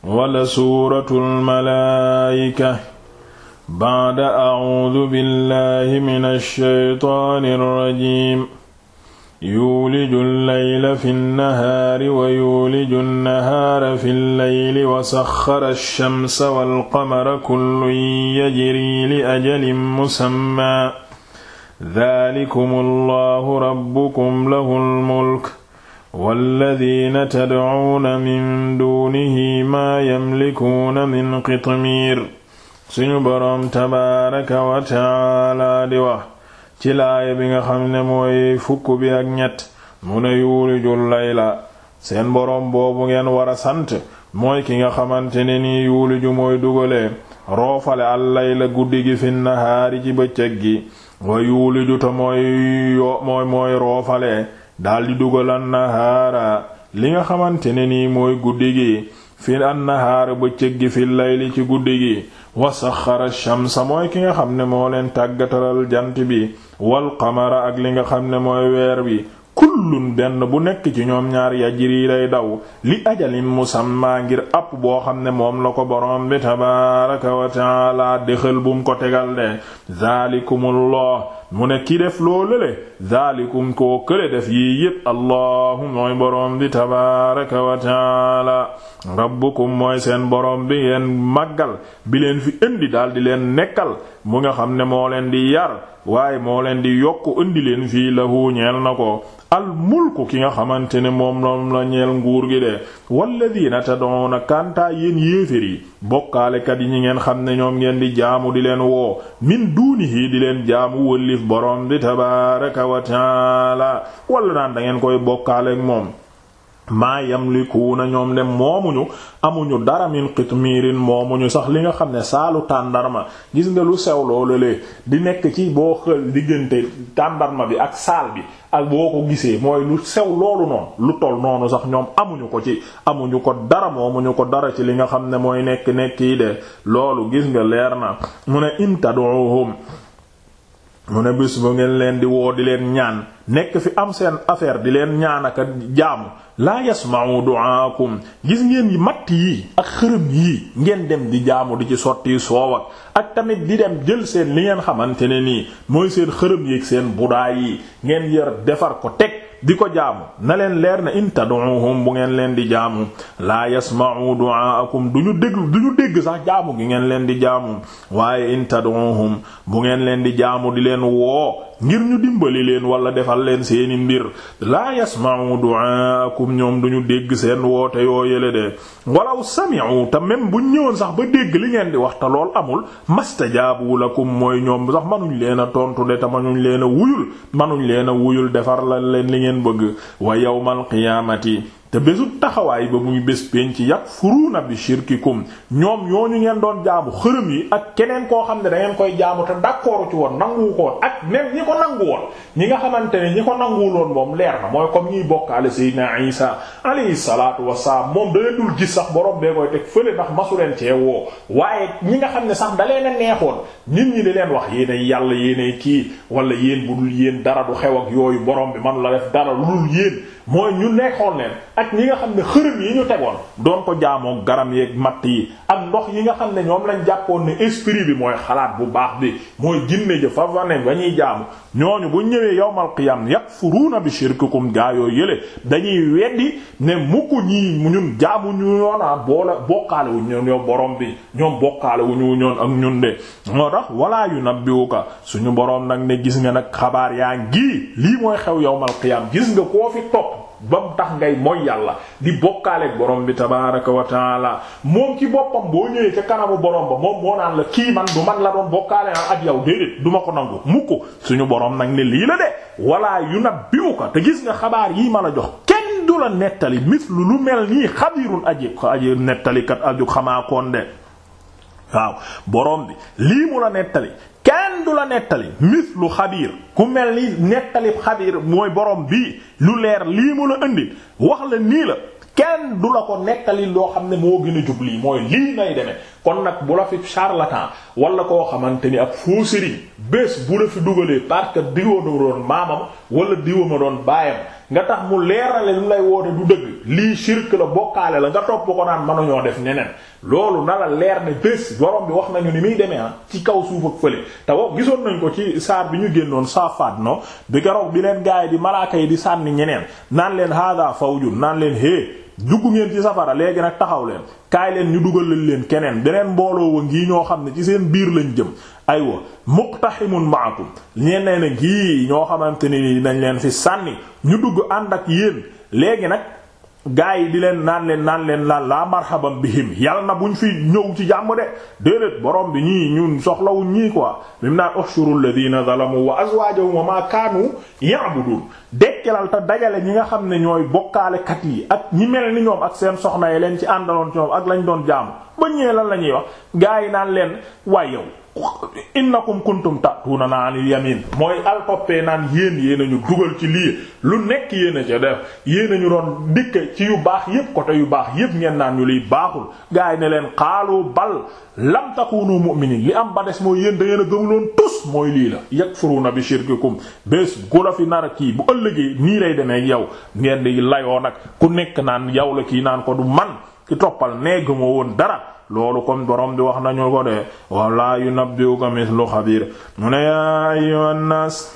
wala suuratul malaayika ba'da a'uudu billahi minash shaytaanir rajiim yuuliju llayla fi nnahaari wa yuuliju nnahaara fi llayli wa saxxara shamsa walqamara kullun yajrii li ajalin musammaa daalikum allahu rabbukum lahul mulk walladina tadcuuna min duunihi maa yamlikuuna min qitmiir suñu boroom tabaaraka wa taala di wax ci laaya bi nga xam ne mooy fukk bi ak ñett mu ne layla seen boroom boobu ngeen war a sant mooy ki nga xamante ne nii yuuliju mooy dugalee roofale al layla guddi gi fi nahaari ci bëccëg gi wa yuuliju ta mooy mooy roofale daldi dugal annahaara li nga xamante ne nii mooy guddi gi fi annahaara bëccëg gi fi layli ci guddi gi wa saxara shamsa mooy ki nga xam ne moo leen tàggatalal jant bi wal qamara ak li nga xam ne mooy weer bi kullun benn bu nekk ci ñoom ñaar yajri day daw li ajalin musamma ngir àpp boo xam ne moom la ko boroom bi tabaaraka wa taala dëxal bum ko tegal de zaalikumullah mu ne ki def loolale daalikum koo kële def yii yépp allahu mooy boroom bi tabaraka wa taala rabbukum mooy seen borom bi yeen màggal bi leen fi indi daal di leen nekkal mu nga xam ne moo leen di yar waaye moo leen di yokk indi leen fii lahu ñeel na ko al mulku ki nga xamante ne moom moom la ñeel nguur gi de walladina tad'una kantaa yéen yéefér yi bokkaalekat yi ñi ngeen xam ne ñoom ngeen di jaamu di leen woo min duunihi di leen jaamu wëllif borom bi tabaraka wa taala wala naan da ngeen koy bokkaaleek moom maa yamlikuuna ñoom de moomuñu amuñu dara min qitmiirin ñu sax li nga xam ne saalu tàndarma gis nga lu sew loolu lee di nekk ci boo xël diggante tàndarma bi ak saal bi ak boo ko gisee mooy lu sew loolu noonu lu toll noonu sax ñoom amuñu ko ci amuñu ko dara moomuñu ko dara ci li nga xam ne mooy nekk nekk yi de loolu gis nga leer na mu ne in tad'uhum mu ne bés ba ngeen leen di woo di leen ñaan nekk fi am seen affaire di leen ñaan aka jaamu laa yasma'u du'aakum gis ngeen yi matt yi ak xërëm yi ngeen dem di jaamu di ci sotti soow ak ak tamit di dem jël seen li ngeen xamante ne nii mooy seen xërëm yeeg seen budaay yi ngeen yar defar ko teg di ko jaamu na leen leer na in tad'uhum bu ngeen leen di jaamu laa yasma'u du'aakum du ñu déglu du ñu dégg sax jaamu gi ngeen leen di jaamu waaye inta tad'uhum bu ngeen leen di jaamu di leen woo ngir ñu dimbali leen wala defal leen seeni mbir laa yasma'u du'aakum ñoom duñu dégg seen woote yoo yële de walaw sami'u te même buñ ñëwoon sax ba dégg li ngeen di wax te lool amul mastajaabu lakum mooy ñoom sax manuñ leen a tontu de te manuñ leen a wuyul manuñ leen a wuyul defar la leen li ngeen bëgg wa yawmal qiyaamati te bésub taxawaay ba muy bés penc yakfuruuna bi shirkikum ñoom yoo ñu ngeen doon jaamu xërëm yi ak keneen koo xam ne da ngeen koy jaamu te d'accord ci woon nanguwu ko ak même ñi ko nangu woon ñi nga xamante ne ñi ko nanguwul woon moom leer na mooy comme ñiy bokkaale sayyidina Isa alayhi salaatu wassalaam moom da leen dul gis sax borom bee koy teg fële ndax masu leen cee woo waaye ñi nga xam ne sax da leen neexoon nit ñi di leen wax yéenay yàlla yéenay kii wala yéen bu dul yéen dara du xew yooyu borom bi man la def dara lu dul mooy ñu nekkoon leen ak ñi nga xam ne xërëm yi ñu tegoon doon ko jaamoo garam yeeg matt yi ak ndox yi nga xam ne ñoom lañ jàppoon ne esprit bi mooy xalaat bu baax bi mooy jinne ji fa ba ñuy jaamu ñooñu bu ñëwee yawmal qiyam yakfuruuna bi shirkikum gaa yoo yële dañuy weddi ne mukk ñii ñun jaamu ñu yoona ah boole bokkaale wu ñoon yow borom bi ñoom bokkaale wu ñu ñoon ak ñun de moo tax walaa yu nabbiwuka suñu borom nag ne gis nga nag xabaar yaa ngi lii mooy xew yawmal qiyam gis nga koo fi topp moom ba mu tax ngay mooy yàlla di bokkaaleeg borom bi tabaaraka wa moom ci boppam boo ñëwee ca kanamu borom ba moom moo naan la kii man du man la doon bokkaale naa ak yow déedéet du ma ko nangu mukk suñu borom nag ne lii la de wala yunabbi'uka te gis nga xabaar yii ma la jox kenn du la nettali mislu lu mel nii xabirun aji aji nettalikat aju xamaakoon de. waaw borom bi lii mu la nettali kenn du la nettali mislu xabiir ku mel ni nettali xabiir mooy borom bii lu leer lii mu la indi wax la nii la kenn du la ko nettali loo xam ne moo gën a jub lii mooy lii ngay demee kon nag bu la fi charlatan wala koo xamante ni ab faux sériñ bés bu la fi dugalee parce que diwa ma doon maamam wala diwa ma doon baayam nga tax mu leerale lu lay woote du dëgg lii shirk la bokkaale la nga topp ko naan ñoo def neneen loolu na la leer ne bés borom bi wax nañu ni muy demee ah ci kaw suuf ak fële te wax gisoon nañ ko ci saar bi ñu génnoon saafaat no bi garoog bi leen gaay di malaaka yi di sànni ñeneen naan leen hada fawjun naan leen hé dugg ngeen ci safara léegi nag taxaw leen kaay leen ñu dugalal leen keneen beneen mbooloo wa ngii ñoo xam ne ci seen biir lañ jëm aywa muqtahimun ma'akum ñeen nee na ngii ñoo xamante ni nañ leen fi sànni ñu dugg ànd ak yéen léegi nag gaa yi di leen naan leen naan leen laan laa marhaban bihim yàlla na buñ fi ñëw ci jàmm de déedéet borom bi ñii ñun soxlawuñ ñii quoi mim naan ushuru alladhina zalamu wa azwajuhum wa ma kaanu ya'budun dekkelal te dajale ñi nga xam ne ñooy bokkaale kat yi ak ñi mel ni ñoom ak seen soxna yi leen ci àndaloon ci ñoom ak lañ doon jaamu ba ñëwee lan la ñuy wax gaa yi naan leen waay yow innakum kuntum ta'tuna na anil yamin mooy altoppee naan yéen yéen a ñu dugal ci lii lu nekk yéen a ca def yéen a ñu doon dikk ci yu baax yépp côté yu baax yépp ngeen naan ñu liy baaxul gaay ne leen xaalu bal lam takunu mu'minin li am ba des mooy yéen da ngeen a gëmuloon tus mooy lii la yakfuruna bi shirkikum bés gu la fi nar kii bu ëllëgee nii lay demee yow ngeen di layoo nag ku nekk naan yow la kii naan ko du man ki toppal nee gëmoo woon dara loolu comme boroom bi wax nañu ko de wala yunabbi'uka mithlu xabir mu ne yaa ayyuhan nas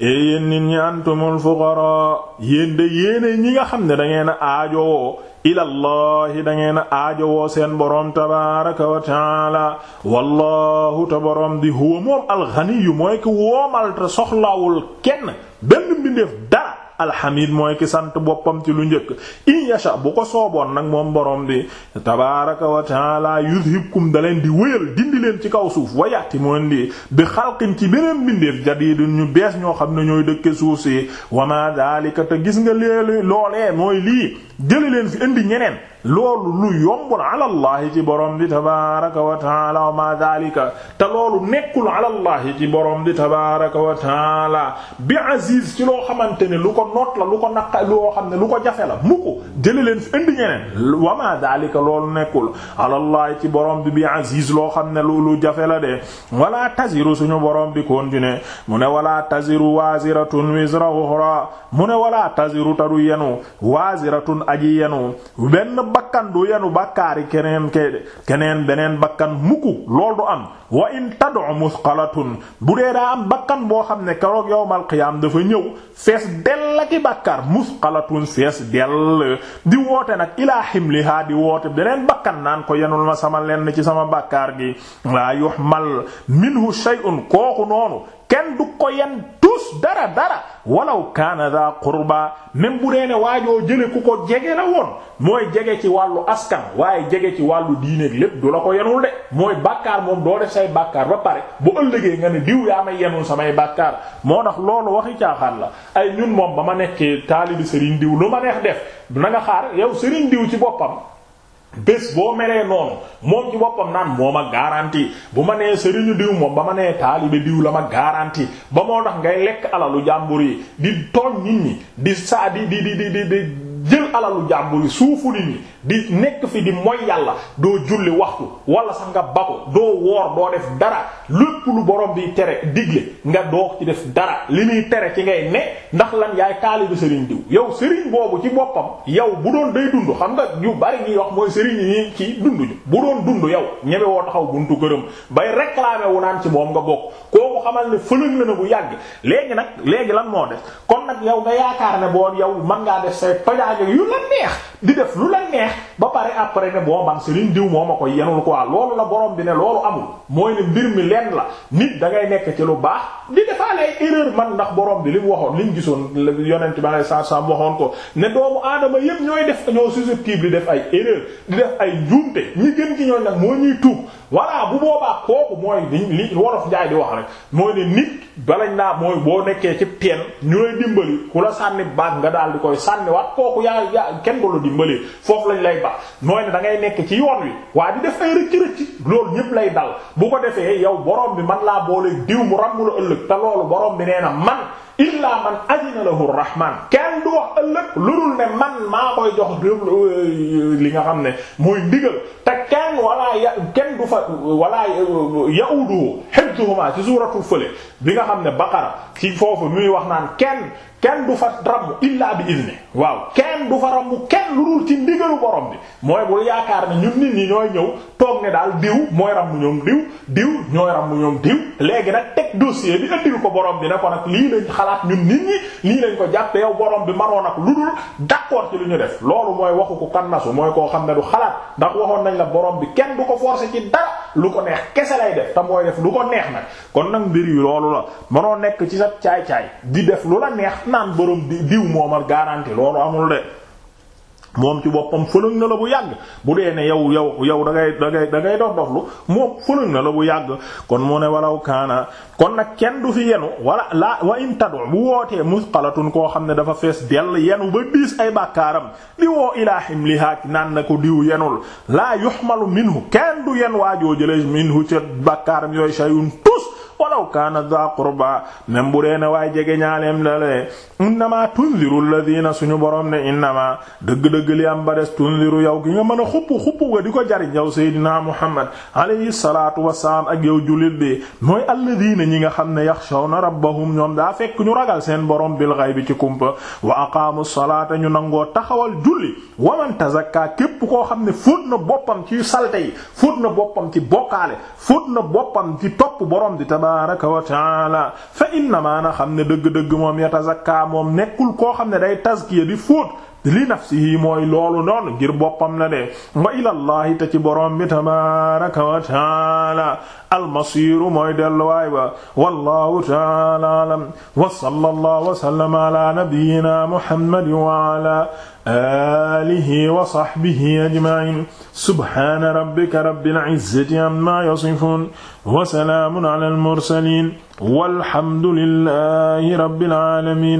yéen nit ñi antumul fuqara yéen de ñi nga xam ne da ngeen a aajowoo ilallahi da ngeen a aajowoo seen boroom tabaraka wa taala wallahu te boroom di huwa moom alxaniyu mooy ki woomal te soxlawul kenn benn mbindeef dara alxamid mooy ki sant boppam ci lu njëkk in yasha bu ko sooboon nag moom borom bi tabaraka wa taala yudhibkum da leen di wëyal dindi leen ci kaw suuf wayaati moon di bi xalqin ci beneen bindeef jadiidun ñu bees ñoo xam ne ñooy dëkke suuf si wama daalika te gis nga léelu loolee mooy lii jële leen fi indi ñeneen loolu lu yombul ala allahi ci borom di tabaraka wa taala wa ma dalika te loolu nekkul ala allahi ci borom di tabaraka wa taala bi aziz ci loo xamante ne lu ko noot la lu ko naqa loo xam ne lu ko jafe la mu ko leen fi indi ñeneen wa ma dalika loolu nekkul ala allahi ci borom bi bi aziz loo xam ne lu lu jafe la de wala taziru suñu borom bi continuer mu ne wala taziru waziratun wizra ukhra mu ne wala taziru taru yenu waziratun aji yenu benn bakkan du yenu bàkkaari keneen ke keneen beneen bakkan mukku lool du am wa in tad'u musqalatun bu dee daa am bakkan boo xam ne keroog yawmal qiyaam dafa ñëw fees dell ak i bàkkaar musqalatun fees dell di woote nag ilaa himlihaa di woote beneen bakkan naan ko yenul ma sama lenn ci sama bàkkaar gi laa yuhmal minhu shay'un kooku noonu kenn du ko yen tus dara dara walaw kaana daa qurba même bu dee ne waajoo jële ku ko jege la woon mooy jege ci wàllu askan waaye jege ci wàllu diineeg lépp du la ko yenul de mooy bàkkaar moom doo def say bàkkaar ba pare bu ëllëgee nga ne diw yaa may yenul samay bàkkaar moo tax loolu waxi caaxaan la ay ñun moom ba ma nekkee taalibi sëriñ diw lu ma neex def na xaar yow sëriñ diw ci boppam bés boo meree noonu moom ci boppam naan moo ma garanti bu ma nee sëriñu diw moom ba ma nee taalibe diw la ma garanti ba moo nax ngay lekk alalu jàmbur yi di tooñ nit ñi di saa di di di di di alalu jàmbur yi suufu nit ñi di nekk fi di moy yàlla doo julli waxtu wala sax nga bako doo woor doo def dara lépp lu borom bi tere digle nga doo ci def dara li muy tere ci ngay ne ndax lan yaay taalibu sëriñ diw yow sëriñ boobu ci boppam yow bu doon day dund xam nga yu bari ñuy wax mooy sëriñ yi ci dund ñu bu doon dund yow ñebe woo taxaw buntu këram bay réclamer wu naan ci moom nga bokk kooku xamal ne fëlëg la na bu yàgg léegi nag léegi lan moo def kon nag yow nga yaakaar ne boo yow mën ngaa def say pajaaj lu la neex di def lu la neex ba pare après ne boo man Serigne diw moo ma koy yenul quoi loolu la boroom bi ne loolu amul mooy ne mbir mi lenn la nit da ngay nekk ci lu baax di defaale ay erreur man ndax boroom bi li mu waxoon li mu gisoon yonent bi alayhi salaam waxoon ko ne doomu aadama yépp ñooy def ñoo susceptible di def ay erreur di def ay njuumte ñi gën ci ñooñ nag moo ñuy tuub voilà bu boobaa kooku mooy li li wolof njaay di wax rek mooy ne nit balañ naa boo nekkee ci teen ñu lay dimbali ku la sànni baax nga yaa kenn du la dimbalee foofu lañ lay ba nooy ne da ngay nekk ci yoon wi waa di def ay rëcc loolu ñëpp lay dal bu ko defee yow borom bi man laa boole diw mu ràmm la ëllëg te loolu borom bi nee na man illaa man adina lahu rahman kenn du wax ëllëg lu dul ne man maa koy jox euh, li nga xam ne muy ndigal ta kenn walaa ya kenn du fa walaa euh, yaudu hibduhuma ci suuratul fële bi nga xam ne baqara ci foofu muy wax naan kenn kenn du fa ramm illaa bi izni waaw kenn du fa ramm kenn lu dul ci ndigalu borom bi mooy bul yaakaar ne ñun nit ñi ñooy ñëw toog ne daal diw mooy ramm ñoom diw diw ñooy ramm ñoom diw léegi nag teg dossier bi ëndil ko borom bi ne ko nag lii lañ xalaat ñun nit ñi lii lañ ko jàpp yow borom bi manoon ak lu dul d'accord ci lu ñu def loolu mooy waxu ko kannasu mooy koo xam ne du xalaat ndax waxoon nañ la borom bi kenn du ko forcer ci dara lu ko neex kese lay def te mooy def lu ko neex nag kon nag mbir yi loolu la mënoo nekk ci sa caay di def lu naan borom di diw moomal garanti loolu amul de moom ci boppam fëlëng na la bu yàgg bu dee ne yow yow yow da ngay da ngay da ngay dox moom fëlëng na la bu yàgg kon moo ne walaw kaana kon nag kenn du fi yenu wala laa wa in tadu bu wootee musqalatun koo xam ne dafa fees dell yenu ba diis ay bàkkaaram li woo ilaahim lihaak naan na ko diw yenul laa yuxmalu minhu kenn du yen waajoo jële minhu ca bàkkaaram yooyu shayun walaw kaana dha qurba même bu dee ne waaye jege ñaaleem lalee innama tunziru alladhina suñu borom ne innama dëgg-dëgg li am ba des tunziru yow gi nga mën a xupp xupp di ko jariñ yow seydina muhammad alayhi salaatu wassalaam ak yow jullit bi mooy diina ñi nga xam ne yaxshawna rabbahum ñoom daa fekk ñu ragal seen borom bil ghaybi ci kumpa wa aqaamu salaata ñu nangoo taxawal julli wa man tazakka képp koo xam ne fóot na boppam ci salte yi fóot na boppam tabaaraka wa taala fa innamaa na xam ne dëgg-dëgg moom yatazakkaa moom nekkul koo xam ne day tazkiya di fóot li nafsihi mooy loolu noonu ngir boppam la de wa ilallahi te ci borom bi tabaraka wa taala almasiru mooy delluwaay ba wallahu taala alam wa sallallahu wa sallama ala nabiyyina muhammadin wa ala alihi wa sahbihi ajma'in subhana rabbika rabbil izzati amma yasifun wa salamun ala al mursalin walhamdulillahi rabbil alamin